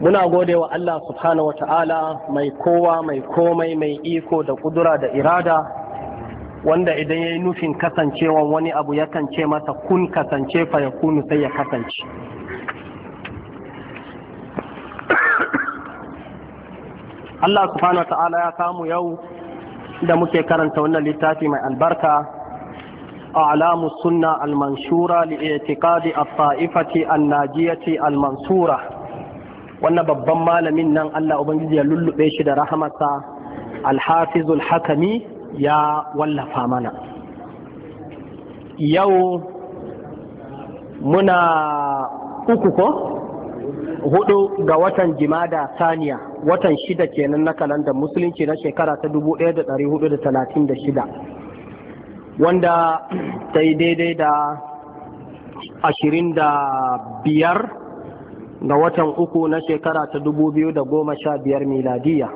muna gode wa Allah subhanahu wa ta'ala mai kowa mai komai mai iko da kudura da irada wanda idan ya yi nufin kasancewan wani abu yakan ce masa kun kasance fa ya kunu sai ya kasance Allah subhanahu wa ta'ala ya kamu yau da muke karanta wannan littafi mai albarka alamu sunna al-manshura li i'tiqadi at-ta'ifati an-najiyati al-mansura al manshura li itiqadi at al wannan babban malamin nan Allah ubangiji ya lullube shi da rahamarsa alhafizul hakami ya wallafa mana yau muna uku ko hudu ga watan jimada saniya watan shida kenan na kalandar musulunci na shekara ta 1436 wanda ta yi daidai da 25 ga watan uku na shekara ta dubu biyu da goma sha biyar miladiya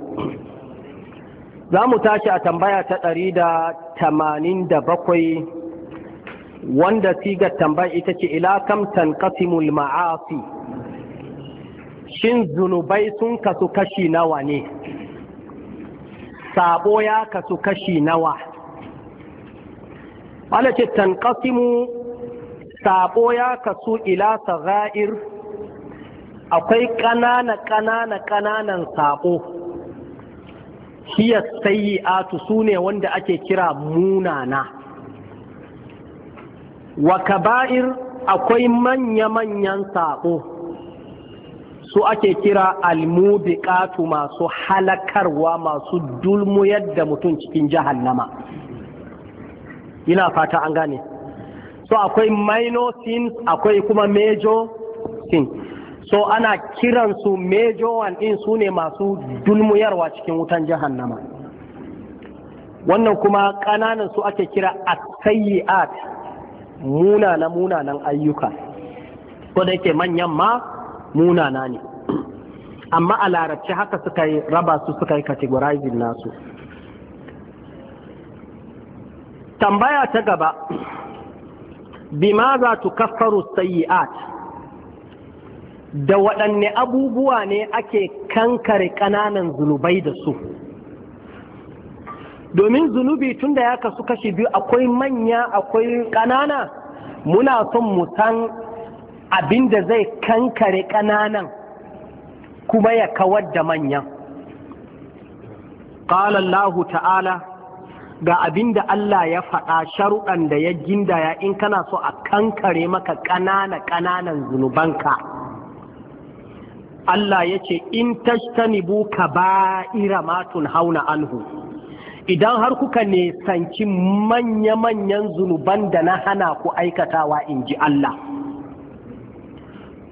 za mu tashi a tambaya ta ɗari da tamanin da bakwai wanda sigar tambaya ita ce ila kam tanqasimul ma'asi shin zunubai sun kasu kashi nawa ne sabo ya kasu kashi nawa wala ce kasimu sabo ya kasu ila sagha'ir akwai ƙanana ƙanana ƙananan saƙo hiya sayyi'atu su ne wanda ake kira munana wa kaba'ir akwai manya-manyan saƙo su ake kira almubiƙatu masu halakarwa masu dulmu yadda mutum cikin jahannama ina fata an gane so akwai minor sins akwai kuma major sins so ana kiransu mejowan ɗin su ne masu dulmuyarwa cikin wutan jahannama wannan kuma ƙananan su ake kira at munana munanan ayyuka ko da yake manyan ma munana ne amma a larabci haka suka yi raba su suka yi categorizing nasu tambaya ta gaba bima za tu kaffaru sayyi'at da waɗanne abubuwa ne ake kankare ƙananan zunubai da su domin zunubi tun da ya kasu kashi biyu akwai manya akwai ƙanana muna son mu san abin da zai kankare ƙananan kuma ya kawar da manyan قال الله ta'ala ga abin da Allah ya faɗa sharuɗan da ya gindaya in kana so a kankare maka ƙanana ƙananan zunubanka Allah ya ce in tashtanibu kaba'ira matun hauna anhu idan har kuka nesanci manya-manyan zunuban da na hana ku aikatawa in ji Allah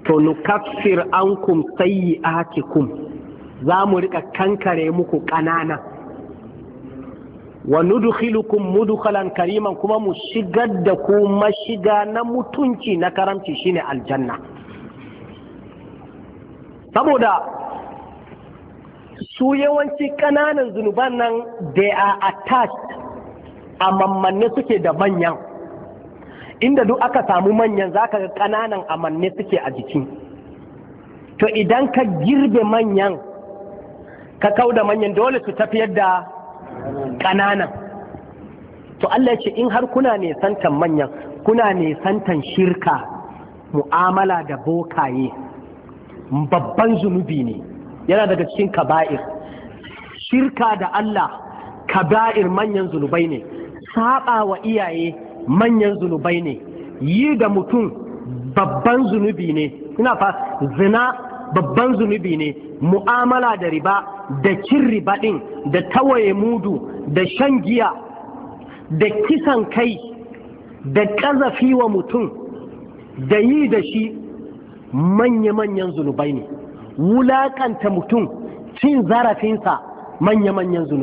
to nukaffir ankum sayyi'atikum za mu rika kankare muku ƙanana wa nudkhilukum mudkhalan kariman kuma mu shigar da ku mashiga na mutunci na karamci shine aljanna saboda su yawanci ƙananan zunuban nan da a attached a mammanne suke da manyan inda duk aka samu manyan za ka ga ƙananan amanne suke a jiki to idan ka girbe manyan ka kau da manyan dole su tafiyar da ƙananan to Allah ce in har kuna santan manyan kuna santan shirka mu'amala da bokaye babban zunubi ne yana daga cikin kaba'ir shirka da Allah kaba'ir manyan zunubai ne saba wa iyaye manyan zunubai ne yi da mutum babban zunubi ne ina fa zina babban zunubi ne mu'amala da riba da cin riba ɗin da tawaye mudu da shan giya da kisan kai da ƙazafi wa mutum da yi da shi manya-manyan zunubai ne wulakanta mutum cin zarafinsa manya-manyan